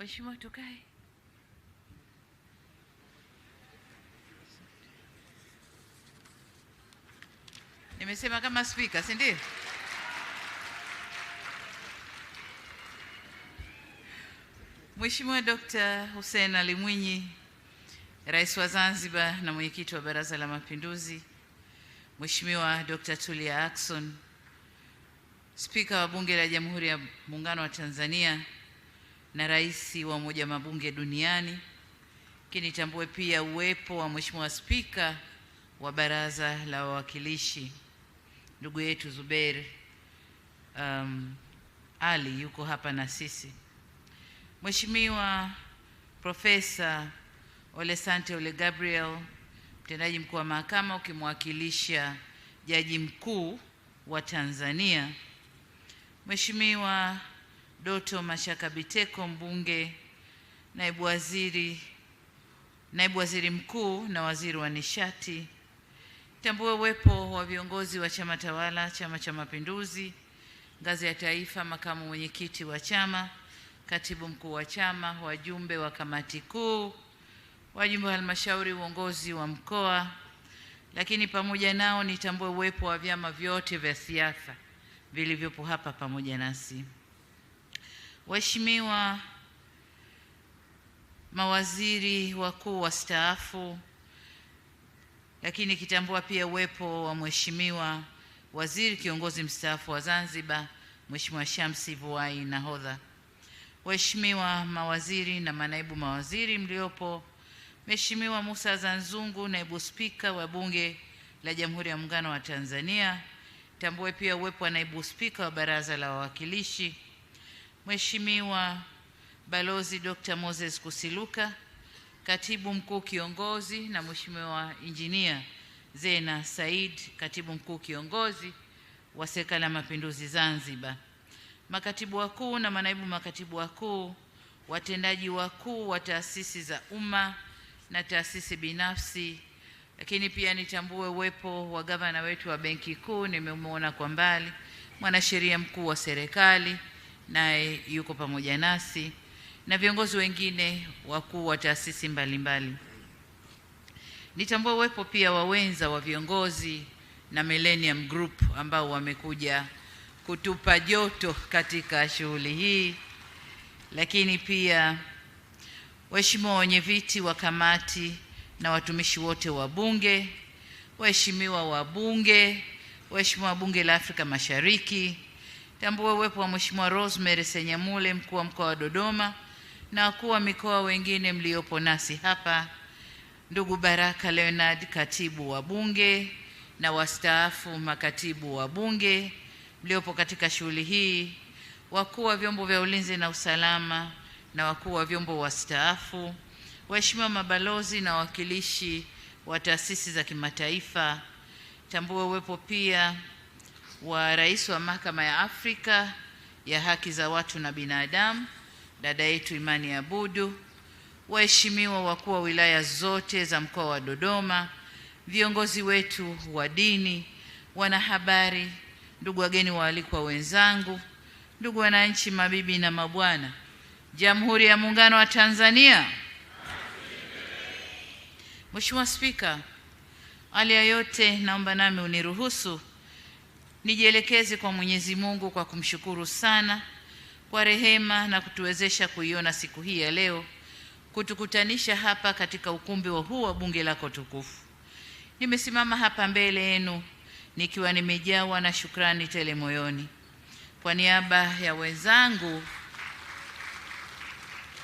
Waheshimiwa, tukae. Nimesema kama spika, si ndio? Mheshimiwa Dr. Hussein Ali Mwinyi, Rais wa Zanzibar na mwenyekiti wa Baraza la Mapinduzi, Mheshimiwa Dr. Tulia Ackson, Spika wa Bunge la Jamhuri ya Muungano wa Tanzania, na rais wa moja Mabunge Duniani, kinitambue pia uwepo wa Mheshimiwa Spika wa Baraza la Wawakilishi ndugu yetu Zubeir um, Ali yuko hapa na sisi, Mheshimiwa Profesa Ole Sante Ole Gabriel, mtendaji mkuu wa mahakama ukimwakilisha Jaji Mkuu wa Tanzania, Mheshimiwa Doto Mashaka Biteko mbunge, naibu waziri, naibu waziri mkuu na waziri wa nishati. Tambue uwepo wa viongozi wa chama tawala, Chama cha Mapinduzi ngazi ya taifa, makamu mwenyekiti wa chama, katibu mkuu wa chama, wajumbe wa kamati kuu, wajumbe wa halmashauri, uongozi wa mkoa. Lakini pamoja nao nitambue uwepo wa vyama vyote vya siasa vilivyopo hapa pamoja nasi. Waheshimiwa mawaziri wakuu wastaafu, lakini ikitambua pia uwepo wa Mheshimiwa Waziri Kiongozi Mstaafu wa Zanzibar, Mheshimiwa Shamsi Vuai Nahodha, waheshimiwa mawaziri na manaibu mawaziri mliopo, Mheshimiwa Musa Zanzungu, naibu spika wa Bunge la Jamhuri ya Muungano wa Tanzania, tambue pia uwepo wa naibu spika wa Baraza la Wawakilishi Mheshimiwa Balozi Dr. Moses Kusiluka, Katibu Mkuu Kiongozi na Mheshimiwa Injinia Zena Said, Katibu Mkuu Kiongozi wa Serikali ya Mapinduzi Zanzibar, makatibu wakuu na manaibu makatibu wakuu, watendaji wakuu wa taasisi za umma na taasisi binafsi, lakini pia nitambue uwepo wa gavana wetu wa Benki Kuu, nimemwona kwa mbali, mwanasheria mkuu wa serikali naye yuko pamoja nasi na viongozi wengine wakuu wa taasisi mbalimbali. Nitambua uwepo pia wa wenza wa viongozi na Millennium Group ambao wamekuja kutupa joto katika shughuli hii, lakini pia waheshimiwa wenyeviti wa kamati na watumishi wote wa Bunge, waheshimiwa wabunge, waheshimiwa Bunge la Afrika Mashariki Tambua uwepo wa Mheshimiwa Rosemary Senyamule, mkuu wa mkoa wa Dodoma, na wakuu wa mikoa wengine mliopo nasi hapa, ndugu Baraka Leonard, katibu wa Bunge, na wastaafu makatibu wa Bunge mliopo katika shughuli hii, wakuu wa vyombo vya ulinzi na usalama na wakuu wa vyombo wastaafu, waheshimiwa mabalozi na wawakilishi wa taasisi za kimataifa. Tambua uwepo pia wa rais wa mahakama ya Afrika ya haki za watu na binadamu, dada yetu Imani Abudu, waheshimiwa wakuu wa wilaya zote za mkoa wa Dodoma, viongozi wetu wa dini, wanahabari, ndugu wageni waalikwa wenzangu, ndugu wananchi, mabibi na mabwana, Jamhuri ya Muungano wa Tanzania. Mheshimiwa Spika, hali ya yote, naomba nami uniruhusu Nijielekeze kwa Mwenyezi Mungu kwa kumshukuru sana kwa rehema na kutuwezesha kuiona siku hii ya leo kutukutanisha hapa katika ukumbi wa huu wa bunge lako tukufu. Nimesimama hapa mbele yenu nikiwa nimejawa na shukrani tele moyoni kwa niaba ya wenzangu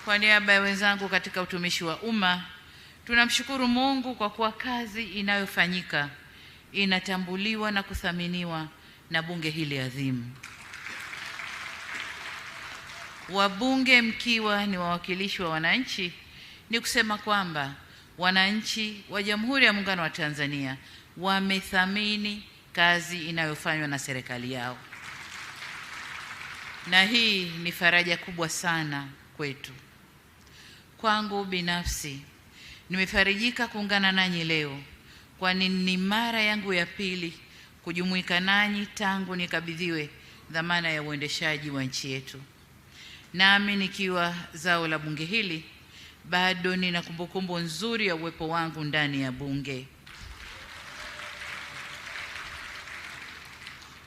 kwa niaba ya wenzangu katika utumishi wa umma. Tunamshukuru Mungu kwa kuwa kazi inayofanyika inatambuliwa na kuthaminiwa na bunge hili adhimu. Wabunge mkiwa ni wawakilishi wa wananchi, ni kusema kwamba wananchi wa Jamhuri ya Muungano wa Tanzania wamethamini kazi inayofanywa na serikali yao, na hii ni faraja kubwa sana kwetu. Kwangu binafsi, nimefarijika kuungana nanyi leo, kwani ni mara yangu ya pili kujumuika nanyi tangu nikabidhiwe dhamana ya uendeshaji wa nchi yetu. Nami nikiwa zao la bunge hili bado nina kumbukumbu nzuri ya uwepo wangu ndani ya bunge.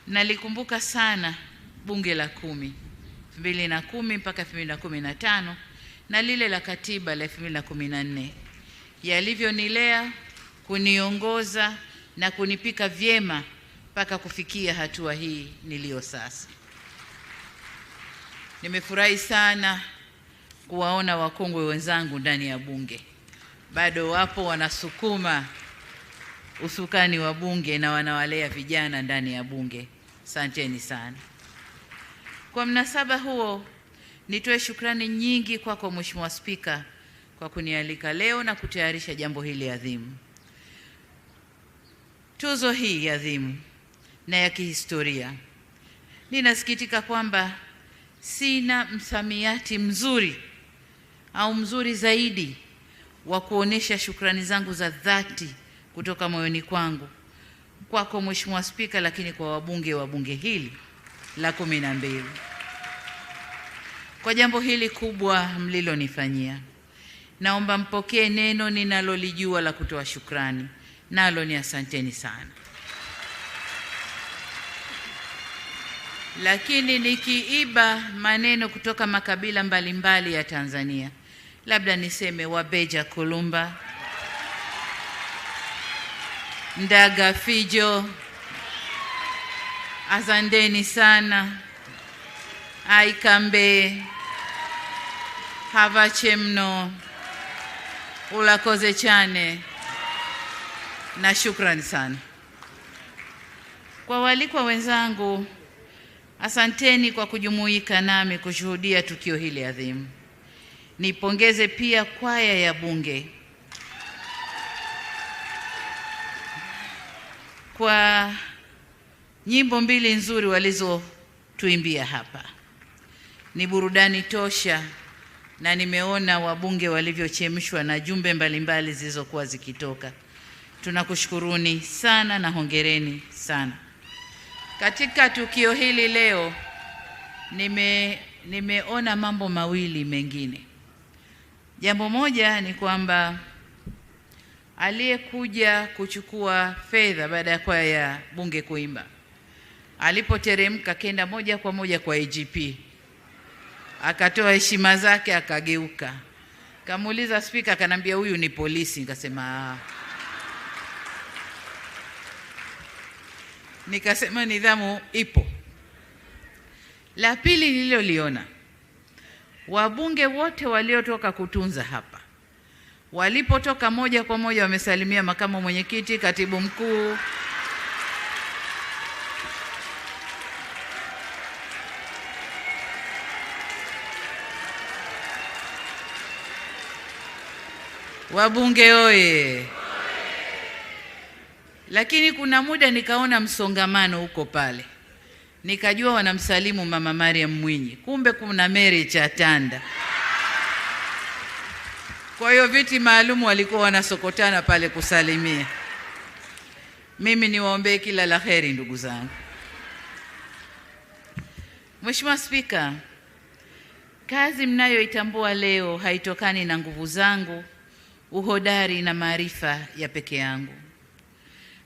Nalikumbuka sana bunge la kumi kumi mpaka 2015 na lile la katiba la 2014 yalivyonilea kuniongoza na kunipika vyema mpaka kufikia hatua hii niliyo sasa. Nimefurahi sana kuwaona wakongwe wenzangu ndani ya Bunge, bado wapo wanasukuma usukani wa Bunge na wanawalea vijana ndani ya Bunge. Asanteni sana. Kwa mnasaba huo, nitoe shukrani nyingi kwako kwa Mheshimiwa Spika kwa kunialika leo na kutayarisha jambo hili adhimu, tuzo hii adhimu na ya kihistoria. Ninasikitika kwamba sina msamiati mzuri au mzuri zaidi wa kuonesha shukrani zangu za dhati kutoka moyoni kwangu kwako Mheshimiwa Spika, lakini kwa wabunge wa bunge hili la kumi na mbili kwa jambo hili kubwa mlilonifanyia. Naomba mpokee neno ninalolijua la kutoa shukrani, nalo ni asanteni sana. lakini nikiiba maneno kutoka makabila mbalimbali mbali ya Tanzania, labda niseme Wabeja Kulumba, Ndaga Fijo, asanteni sana, Aikambe havachemno mno, Ulakoze chane na shukrani sana kwa walikwa wenzangu. Asanteni kwa kujumuika nami kushuhudia tukio hili adhimu. Nipongeze pia kwaya ya Bunge kwa nyimbo mbili nzuri walizotuimbia hapa, ni burudani tosha, na nimeona wabunge walivyochemshwa na jumbe mbalimbali zilizokuwa zikitoka. Tunakushukuruni sana na hongereni sana. Katika tukio hili leo nime nimeona mambo mawili mengine. Jambo moja ni kwamba aliyekuja kuchukua fedha baada ya kwaya ya bunge kuimba, alipoteremka kenda moja kwa moja kwa IGP, akatoa heshima zake, akageuka, kamuuliza spika, akanambia huyu ni polisi. Nikasema ah. nikasema nidhamu ipo. La pili nililoliona, wabunge wote waliotoka kutunza hapa walipotoka moja kwa moja wamesalimia makamu mwenyekiti, katibu mkuu Wabunge oye! Lakini kuna muda nikaona msongamano huko pale, nikajua wanamsalimu Mama Mariam Mwinyi, kumbe kuna Mary Chatanda. Kwa hiyo viti maalum walikuwa wanasokotana pale kusalimia. Mimi niwaombee kila la heri ndugu zangu. Mheshimiwa Spika, kazi mnayoitambua leo haitokani na nguvu zangu, uhodari na maarifa ya peke yangu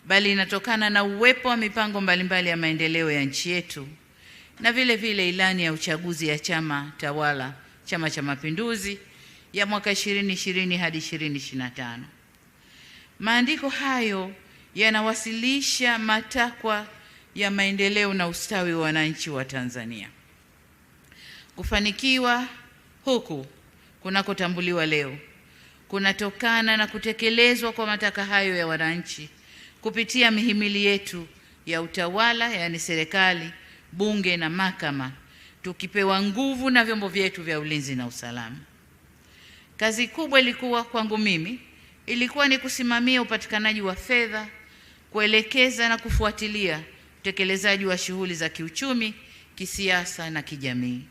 bali inatokana na uwepo wa mipango mbalimbali ya maendeleo ya nchi yetu na vile vile ilani ya uchaguzi ya chama tawala, Chama cha Mapinduzi ya mwaka 2020 hadi 2025. Maandiko hayo yanawasilisha matakwa ya maendeleo na ustawi wa wananchi wa Tanzania. Kufanikiwa huku kunakotambuliwa leo kunatokana na kutekelezwa kwa matakwa hayo ya wananchi kupitia mihimili yetu ya utawala, yaani serikali, bunge na mahakama, tukipewa nguvu na vyombo vyetu vya ulinzi na usalama. Kazi kubwa ilikuwa kwangu mimi ilikuwa ni kusimamia upatikanaji wa fedha, kuelekeza na kufuatilia utekelezaji wa shughuli za kiuchumi, kisiasa na kijamii,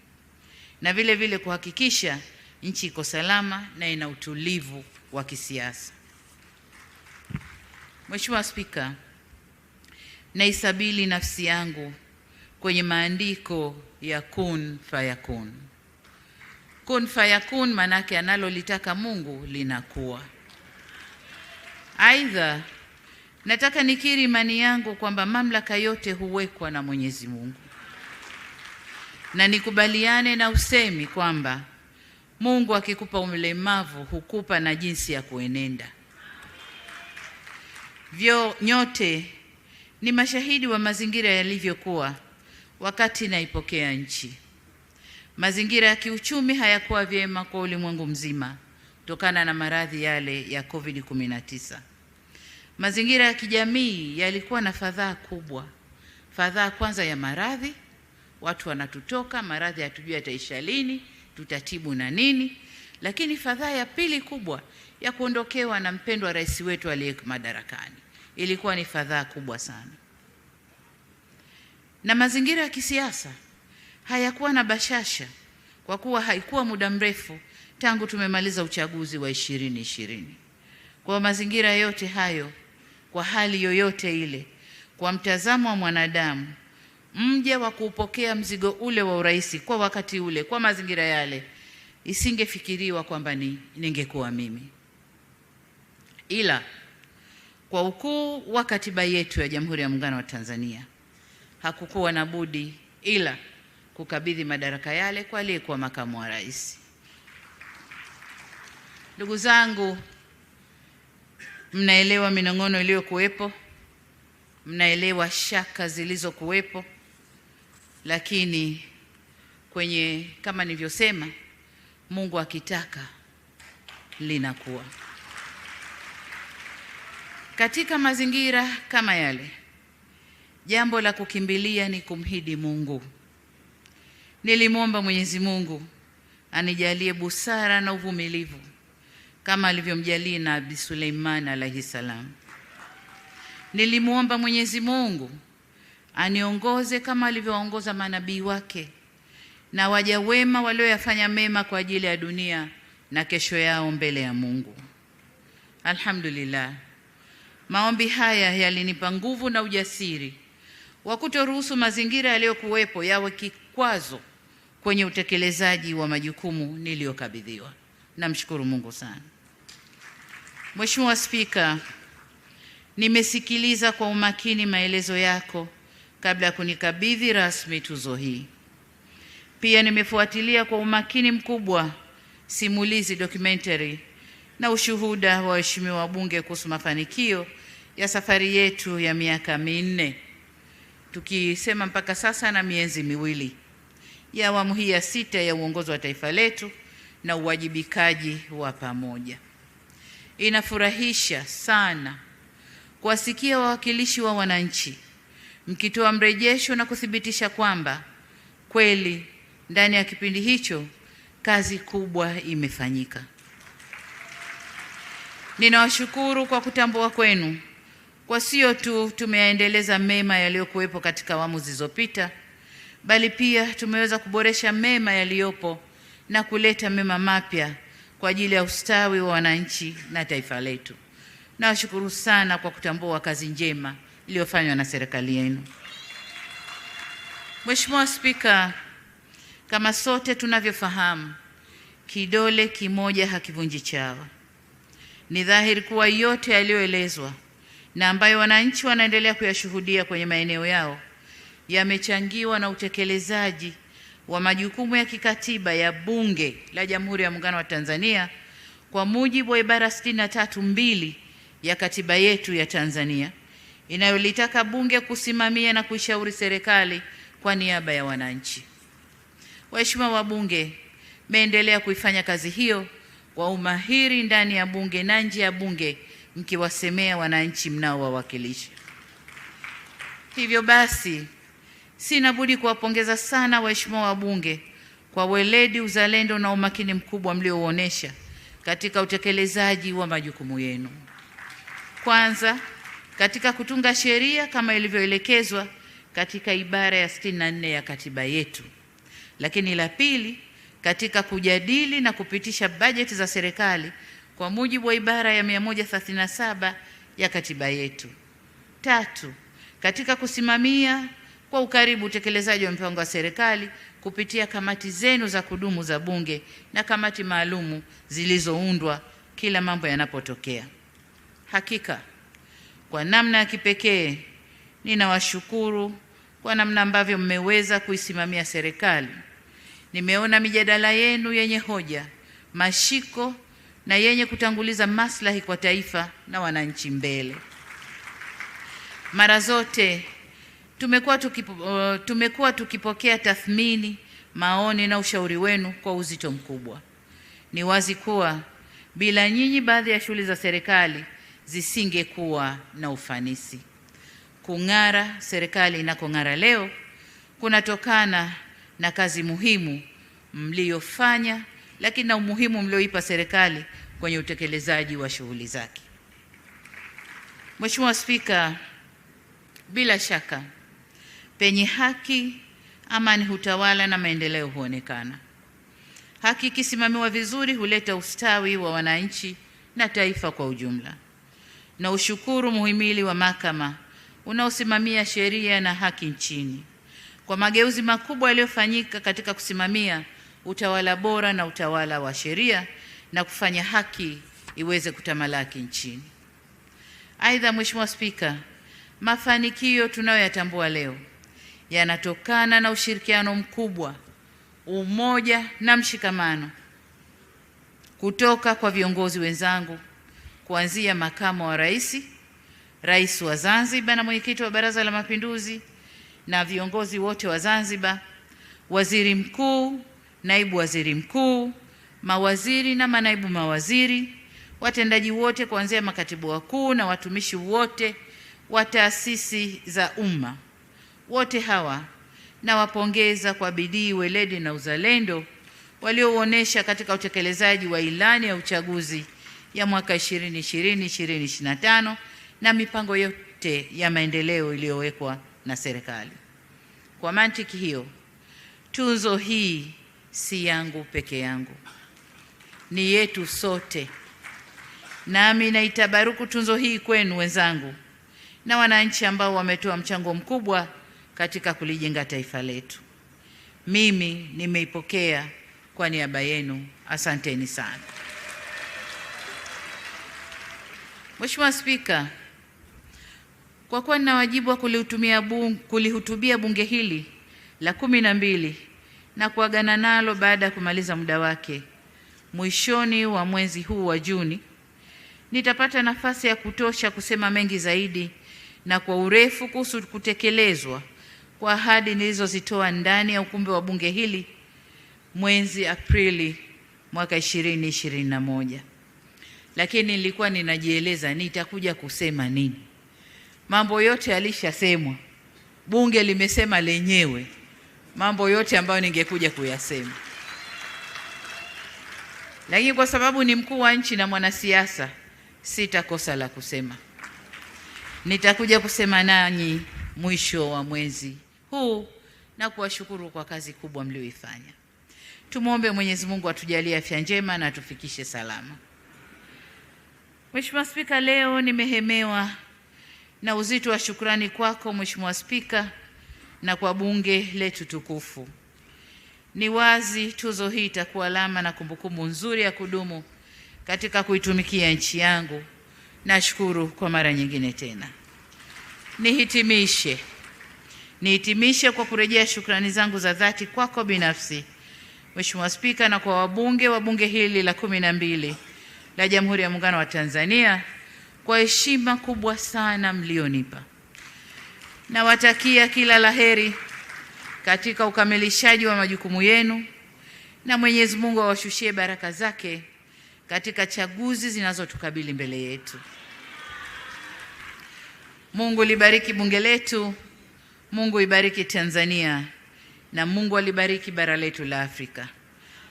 na vile vile kuhakikisha nchi iko salama na ina utulivu wa kisiasa. Mheshimiwa Spika, naisabili nafsi yangu kwenye maandiko ya kun fayakun. Kun fayakun maanake analolitaka Mungu linakuwa. Aidha, nataka nikiri imani yangu kwamba mamlaka yote huwekwa na Mwenyezi Mungu, na nikubaliane na usemi kwamba Mungu akikupa ulemavu hukupa na jinsi ya kuenenda vyo nyote ni mashahidi wa mazingira yalivyokuwa wakati naipokea nchi. Mazingira ya kiuchumi hayakuwa vyema kwa ulimwengu mzima kutokana na maradhi yale ya COVID-19. Mazingira ya kijamii yalikuwa na fadhaa kubwa, fadhaa kwanza ya maradhi, watu wanatutoka, maradhi hatujui yataisha lini, tutatibu na nini lakini fadhaa ya pili kubwa ya kuondokewa na mpendwa rais wetu aliye madarakani ilikuwa ni fadhaa kubwa sana, na mazingira ya kisiasa hayakuwa na bashasha, kwa kuwa haikuwa muda mrefu tangu tumemaliza uchaguzi wa ishirini ishirini. Kwa mazingira yote hayo, kwa hali yoyote ile, kwa mtazamo wa mwanadamu, mja wa kuupokea mzigo ule wa urais kwa wakati ule, kwa mazingira yale isingefikiriwa kwamba ni ningekuwa mimi, ila kwa ukuu wa katiba yetu ya Jamhuri ya Muungano wa Tanzania hakukuwa na budi ila kukabidhi madaraka yale kwa aliyekuwa makamu wa rais. Ndugu zangu, mnaelewa minong'ono iliyokuwepo, mnaelewa shaka zilizokuwepo, lakini kwenye kama nilivyosema Mungu akitaka linakuwa. Katika mazingira kama yale, jambo la kukimbilia ni kumhidi Mungu. Nilimwomba Mwenyezi Mungu anijalie busara na uvumilivu kama alivyomjalia Nabii Suleiman alaihi salam. Nilimwomba Mwenyezi Mungu aniongoze kama alivyoongoza manabii wake na waja wema walioyafanya mema kwa ajili ya dunia na kesho yao mbele ya Mungu. Alhamdulillah, maombi haya yalinipa nguvu na ujasiri wa kutoruhusu mazingira yaliyokuwepo yawe kikwazo kwenye utekelezaji wa majukumu niliyokabidhiwa. Namshukuru Mungu sana. Mheshimiwa Spika, nimesikiliza kwa umakini maelezo yako kabla ya kunikabidhi rasmi tuzo hii. Pia nimefuatilia kwa umakini mkubwa simulizi documentary na ushuhuda wa waheshimiwa wabunge kuhusu mafanikio ya safari yetu ya miaka minne, tukisema mpaka sasa na miezi miwili ya awamu hii ya sita ya uongozi wa taifa letu na uwajibikaji wa pamoja. Inafurahisha sana kuwasikia wawakilishi wa wananchi mkitoa mrejesho na kuthibitisha kwamba kweli ndani ya kipindi hicho kazi kubwa imefanyika. Ninawashukuru kwa kutambua kwenu kwa sio tu tumeyaendeleza mema yaliyokuwepo katika awamu zilizopita, bali pia tumeweza kuboresha mema yaliyopo na kuleta mema mapya kwa ajili ya ustawi wa wananchi na taifa letu. Nawashukuru sana kwa kutambua kazi njema iliyofanywa na serikali yenu. Mheshimiwa Spika, kama sote tunavyofahamu, kidole kimoja hakivunji chawa. Ni dhahiri kuwa yote yaliyoelezwa na ambayo wananchi wanaendelea kuyashuhudia kwenye maeneo yao yamechangiwa na utekelezaji wa majukumu ya kikatiba ya Bunge la Jamhuri ya Muungano wa Tanzania kwa mujibu wa ibara tatu mbili ya katiba yetu ya Tanzania inayolitaka bunge kusimamia na kuishauri serikali kwa niaba ya wananchi. Waheshimiwa wabunge, mmeendelea kuifanya kazi hiyo kwa umahiri ndani ya bunge na nje ya bunge, mkiwasemea wananchi mnaowawakilisha. Hivyo basi, sina budi kuwapongeza sana waheshimiwa wabunge kwa weledi, uzalendo na umakini mkubwa mliouonesha katika utekelezaji wa majukumu yenu. Kwanza, katika kutunga sheria kama ilivyoelekezwa katika ibara ya 64 ya katiba yetu. Lakini la pili, katika kujadili na kupitisha bajeti za serikali kwa mujibu wa ibara ya 137 ya katiba yetu. Tatu, katika kusimamia kwa ukaribu utekelezaji wa mpango wa serikali kupitia kamati zenu za kudumu za Bunge na kamati maalumu zilizoundwa kila mambo yanapotokea. Hakika kwa namna ya kipekee ninawashukuru kwa namna ambavyo mmeweza kuisimamia serikali Nimeona mijadala yenu yenye hoja, mashiko na yenye kutanguliza maslahi kwa taifa na wananchi mbele. Mara zote tumekuwa tukipo, uh, tumekuwa tukipokea tathmini, maoni na ushauri wenu kwa uzito mkubwa. Ni wazi kuwa bila nyinyi baadhi ya shughuli za serikali zisingekuwa na ufanisi. Kung'ara serikali inakong'ara leo kunatokana na kazi muhimu mliyofanya, lakini na umuhimu mlioipa serikali kwenye utekelezaji wa shughuli zake. Mheshimiwa Spika, bila shaka penye haki, amani hutawala na maendeleo huonekana. Haki ikisimamiwa vizuri huleta ustawi wa wananchi na taifa kwa ujumla. Na ushukuru muhimili wa mahakama unaosimamia sheria na haki nchini kwa mageuzi makubwa yaliyofanyika katika kusimamia utawala bora na utawala wa sheria na kufanya haki iweze kutamalaki nchini. Aidha, Mheshimiwa Spika, mafanikio tunayoyatambua leo yanatokana na ushirikiano mkubwa, umoja na mshikamano kutoka kwa viongozi wenzangu kuanzia makamu wa rais, rais wa Zanzibar na mwenyekiti wa Baraza la Mapinduzi na viongozi wote wa Zanzibar, waziri mkuu, naibu waziri mkuu, mawaziri na manaibu mawaziri, watendaji wote kuanzia makatibu wakuu na watumishi wote wa taasisi za umma. Wote hawa nawapongeza kwa bidii, weledi na uzalendo waliouonesha katika utekelezaji wa ilani ya uchaguzi ya mwaka 2020 2025 na mipango yote ya maendeleo iliyowekwa na serikali. Kwa mantiki hiyo, tuzo hii si yangu peke yangu, ni yetu sote, nami naitabaruku tuzo hii kwenu wenzangu na wananchi ambao wametoa mchango mkubwa katika kulijenga taifa letu. Mimi nimeipokea kwa niaba yenu. Asanteni sana. Mheshimiwa Spika, kwa kuwa nina wajibu wa kulihutubia bunge, bunge hili la kumi na mbili na kuagana nalo baada ya kumaliza muda wake mwishoni wa mwezi huu wa Juni, nitapata nafasi ya kutosha kusema mengi zaidi na kwa urefu kuhusu kutekelezwa kwa ahadi nilizozitoa ndani ya ukumbi wa bunge hili mwezi Aprili mwaka 2021, lakini nilikuwa ninajieleza nitakuja kusema nini. Mambo yote yalishasemwa, bunge limesema lenyewe mambo yote ambayo ningekuja kuyasema, lakini kwa sababu ni mkuu wa nchi na mwanasiasa, sitakosa la kusema. Nitakuja kusema nanyi mwisho wa mwezi huu na kuwashukuru kwa kazi kubwa mlioifanya. Tumwombe Mwenyezi Mungu atujalie afya njema na atufikishe salama. Mheshimiwa Spika, leo nimehemewa na uzito wa shukrani kwako Mheshimiwa Spika na kwa bunge letu tukufu. Ni wazi tuzo hii itakuwa alama na kumbukumbu nzuri ya kudumu katika kuitumikia nchi yangu. Nashukuru kwa mara nyingine tena. Nihitimishe nihitimishe kwa kurejea shukrani zangu za dhati kwako binafsi Mheshimiwa Spika na kwa wabunge wa bunge hili la kumi na mbili la Jamhuri ya Muungano wa Tanzania kwa heshima kubwa sana mlionipa. Nawatakia kila laheri katika ukamilishaji wa majukumu yenu na Mwenyezi Mungu awashushie baraka zake katika chaguzi zinazotukabili mbele yetu. Mungu libariki bunge letu, Mungu ibariki Tanzania na Mungu alibariki bara letu la Afrika.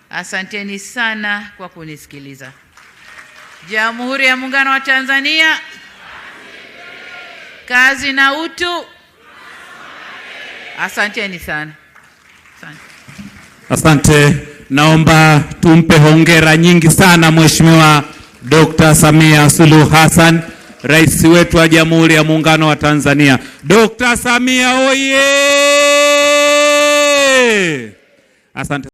Asanteni sana kwa kunisikiliza. Jamhuri ya Muungano wa Tanzania, kazi na utu. Asanteni sana, asante. Asante, naomba tumpe hongera nyingi sana Mheshimiwa Dr. Samia Suluhu Hassan, Rais wetu wa Jamhuri ya Muungano wa Tanzania. Dr. Samia oye! Asante.